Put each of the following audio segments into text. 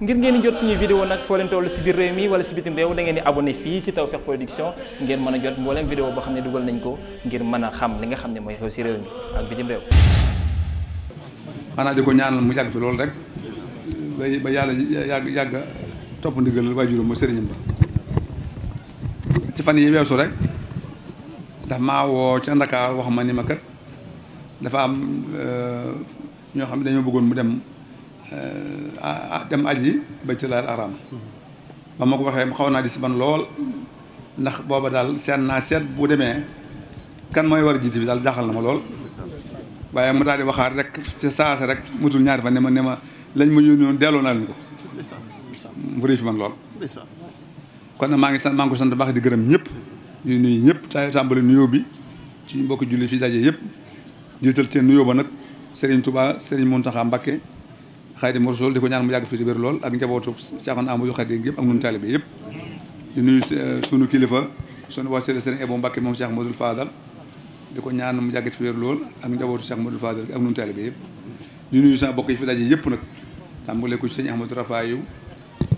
ngir ngeen di jot suñuy vidéo nag foo leen toll si biir réew mi wala si bitim réew da ngeen di abonné fii si Tawfekh Production ngeen mën a jot mbooleem vidéo boo xam ne dugal nañ ko ngir mën a xam li nga xam ne mooy xew si réew mi ak bitim réew ko ñaanal mu yàgg fi loolu rek ba yàlla yàgg yàgg topp ndigal waajuram ma sëriñam ba ci fan yi weesu rek daf maa woo ca Ndakaar wax ma ni ma kat dafa am euh, ñoo xam ne dañoo bëggoon mu dem Euh, dem aji baytul haram mm-hmm. ba ma ko waxee xaw naa di si ban lool mm-hmm. ndax booba daal seet naa seet bu demee kan mooy war a jiite bi daal jaaxal na ma lool waaye mu daal di waxaat rek ci saasa rek mutul ñaari fa ne ma ne lañ ma yónni woon delloo naa leen ko mu réy fi man lool kon maa ngi sant maa ngi ko sant di gërëm ñëpp ñëpp ta nuyoo bi ci mbokki julli fi daje yëpp jiital seen nuyoo ba nag Serigne Touba Serigne Mountakha Mbacké Xaadim Rasul di ko ñaan mu yàgg fi di wér lool ak njabootu Seexoon Ahmadu Xaadim yëpp ak ñun taalibe yëpp di nuyu euh, sunu kilifa sunu wasila Sëriñ Ebo Mbàkke moom di ko ñaan mu yàgg fi lool ak njabootu Cheikh Modou Fadal ak yëpp di nuyu sama bokk yi fi daje yëpp nag tàmbalee ko ci sëñ Ahmadou Rafayu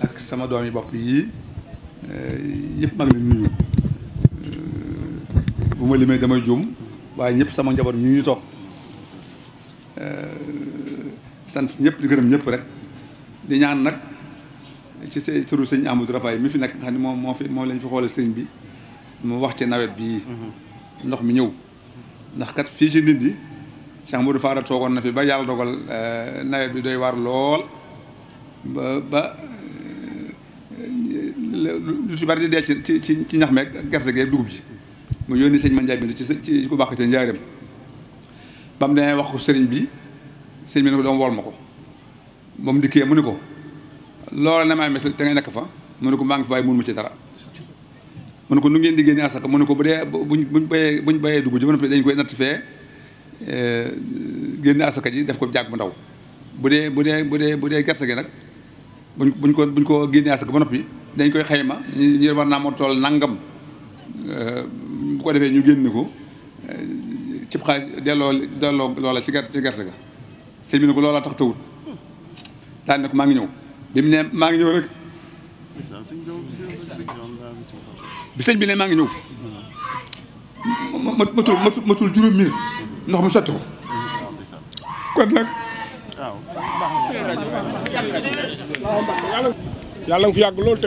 ak sama doom yi bopp euh, yii yëpp maa ngi leen nuyu euh, bu ma limee damay juum waaye ñëpp sama njaboot ñu ñu toog sant ñëpp di gërëm ñëpp rek di ñaan nag ci seen turu sëñ Amadou Rafaay mi fi nekk nga xam ne moom moo fi moo lañ fi xoolal sëñ bi mu wax ci nawet bii mm-hmm. ndox mi ñëw ndax kat fii ci nit yi Cheikh Amadou Faara toogoon na fi ba yàlla dogal euh, nawet bi doy war lool ba ba euh, lu ci bari di dee ci ci ci ñax meeg gerte gee dugub ji mu yónni sëñ Mandiaye bi ci ci ku baax ca njaareem ba mu demee wax ko sëriñ bi sëñ bi ne ko doom wool ma ko moom dikkee mu ne ko loola na maa métti te ngay nekk fa mu ne ko maa ngi fa waaye mënu ma ci dara mu ne ko nu ngeen di génne asaka mu ne ko bu dee buñ buñ bayee buñ bayee dugub ji ba dañ koy natt fee eh, génne asaka ji def ko jàgg bu ndaw bu dee bu dee bu dee bu dee gerte gi nag buñ buñ ko buñ ko génne asaka ba noppi dañ koy xayma ñu war naa moo tool nangam eh, bu ko defee ñu génn ko eh, cib xaalis delloo delloo loola ci gerte ci gerte ga sëñ bi ne ko loolaa tax tawut daan ne ko maa ngi ñëw bi mu ne maa ngi ñëw rek bi sëñ bi ne maa ngi ñëw matul matul juróom ndox mu sotti ko kon yàgg loolu